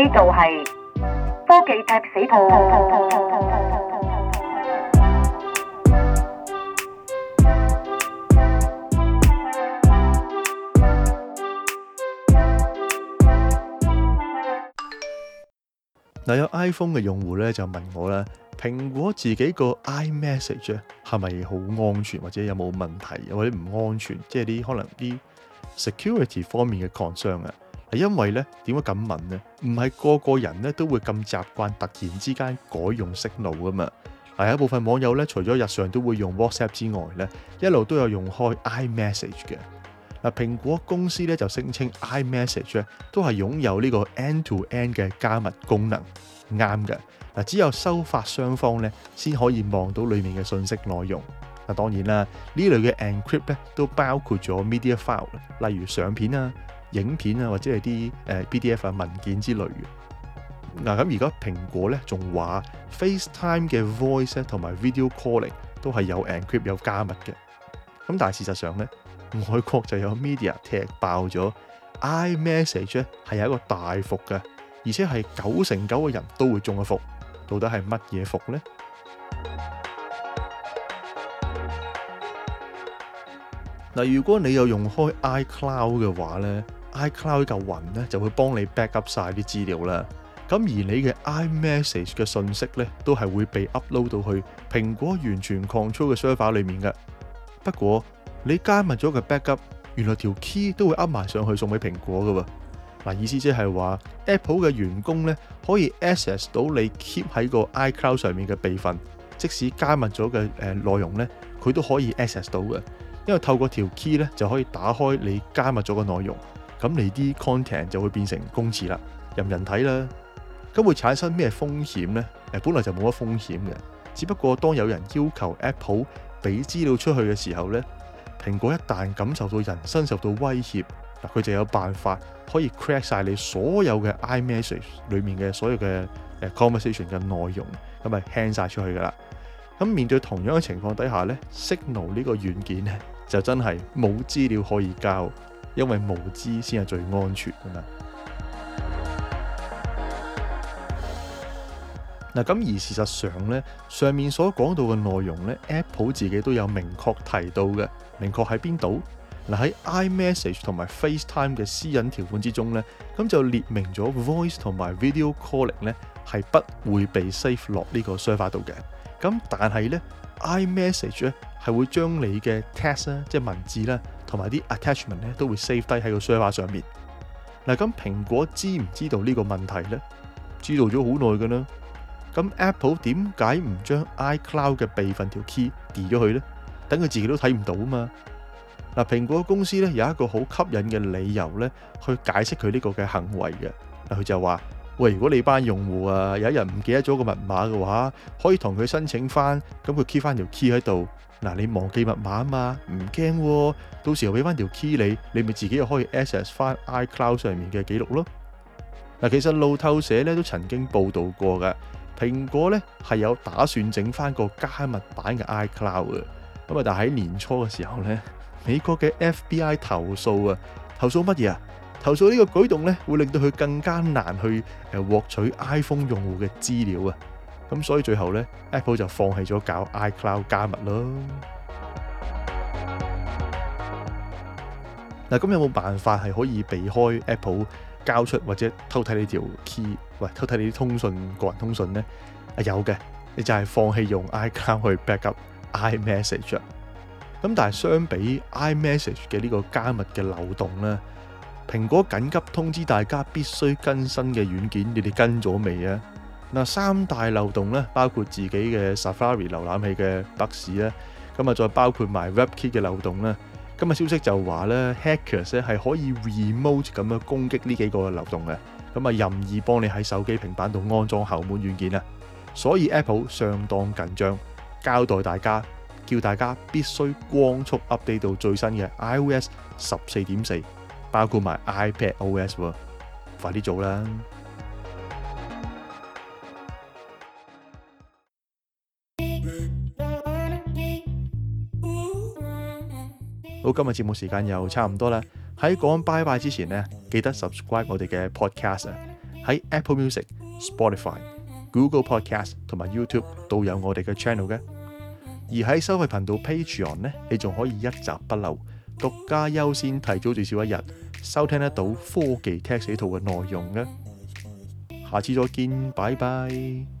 呢度係科技踢死圖。嗱哇，嗯、有 iPhone 嘅用戶咧就問我咧，蘋果自己個 iMessage 咧係咪好安全，或者有冇問題，或者唔安全？即係啲可能啲 security 方面嘅 concern 啊。係因為咧，點解咁問咧？唔係個個人咧都會咁習慣，突然之間改用 Signal 㗎嘛。嗱，有一部分網友咧，除咗日常都會用 WhatsApp 之外咧，一路都有用開 iMessage 嘅。嗱，蘋果公司咧就聲稱 iMessage 咧都係擁有呢個 end-to-end 嘅加密功能，啱嘅。嗱，只有收發雙方咧先可以望到裡面嘅信息內容。嗱，當然啦，呢類嘅 encrypt 咧都包括咗 media file，例如相片啊。影片啊，或者係啲誒 PDF 啊、文件之類嘅。嗱，咁而家蘋果咧仲話 FaceTime 嘅 Voice 同埋 Video Calling 都係有 Encrypt 有加密嘅。咁但係事實上咧，外國就有 Media 踢爆咗 iMessage 咧係一個大伏嘅，而且係九成九嘅人都會中嘅伏。到底係乜嘢伏咧？嗱、啊，如果你有用開 iCloud 嘅話咧。iCloud 嚿雲咧就會幫你 backup 晒啲資料啦。咁而你嘅 iMessage 嘅信息咧都係會被 upload 到去蘋果完全 control 嘅 server 裏面嘅。不過你加密咗嘅 backup 原來條 key 都會 up 埋上去送俾蘋果嘅。嗱，意思即係話 Apple 嘅員工咧可以 access 到你 keep 喺個 iCloud 上面嘅備份，即使加密咗嘅誒內容咧佢都可以 access 到嘅，因為透過條 key 咧就可以打開你加密咗嘅內容。咁你啲 content 就會變成公廁啦，任人睇啦。咁會產生咩風險呢？誒，本來就冇乜風險嘅，只不過當有人要求 Apple 俾資料出去嘅時候呢，蘋果一旦感受到人身受到威脅，佢就有辦法可以 crack 晒你所有嘅 iMessage 裏面嘅所有嘅 conversation 嘅內容，咁咪 hand 晒出去噶啦。咁面對同樣嘅情況底下呢，Signal 呢個軟件呢，就真係冇資料可以交。因為無知先係最安全㗎嘛。嗱，咁而事實上呢，上面所講到嘅內容呢 Apple 自己都有明確提到嘅，明確喺邊度？嗱喺 iMessage 同埋 FaceTime 嘅私隱條款之中呢，咁就列明咗 voice 同埋 video calling 呢係不會被 save 落呢個 server 度嘅。咁但係呢 iMessage 呢係會將你嘅 text 即係文字咧。同埋啲 attachment 咧都會 save 低喺個 server 上面。嗱，咁蘋果知唔知道呢個問題呢，知道咗好耐嘅啦。咁 Apple 點解唔將 iCloud 嘅備份條 key di 咗佢呢？等佢自己都睇唔到啊嘛。嗱，蘋果公司咧有一個好吸引嘅理由咧，去解釋佢呢個嘅行為嘅。嗱，佢就話：喂，如果你班用戶啊有一日唔記得咗個密碼嘅話，可以同佢申請翻，咁佢 keep 翻條 key 喺度。嗱，你忘記密碼啊嘛，唔驚喎，到時候俾翻條 key 你，你咪自己又可以 access 翻 iCloud 上面嘅記錄咯。嗱，其實路透社咧都曾經報導過噶，蘋果咧係有打算整翻個加密版嘅 iCloud 嘅，咁啊，但係喺年初嘅時候咧，美國嘅 FBI 投訴啊，投訴乜嘢啊？投訴呢個舉動咧，會令到佢更加難去誒獲取 iPhone 用戶嘅資料啊。咁所以最後呢 Apple 就放棄咗搞 iCloud 加密咯。嗱，咁有冇辦法係可以避開 Apple 交出或者偷睇你條 key，喂，偷睇你啲通訊個人通訊呢？啊，有嘅，你就係放棄用 iCloud 去 backup iMessage 啊。咁但係相比 iMessage 嘅呢個加密嘅漏洞啦，蘋果緊急通知大家必須更新嘅軟件，你哋跟咗未啊？嗱，三大漏洞咧，包括自己嘅 Safari 瀏覽器嘅 bugs 咧，咁啊再包括埋 WebKit 嘅漏洞咧，今日消息就話咧，Hackers 咧係可以 remote 咁樣攻擊呢幾個漏洞嘅，咁啊任意幫你喺手機平板度安裝後門軟件啊，所以 Apple 相當緊張，交代大家，叫大家必須光速 update 到最新嘅 iOS 十四點四，包括埋 iPad OS 喎，快啲做啦！好，今日節目時間又差唔多啦。喺講拜拜之前呢，記得 subscribe 我哋嘅 podcast 啊，喺 Apple Music、Spotify、Google Podcast 同埋 YouTube 都有我哋嘅 channel 嘅。而喺收費頻道 Patreon 呢，你仲可以一集不漏、獨家優先、提早至少一日收聽得到科技 t 踢死套嘅內容嘅，啊。下次再見，拜拜。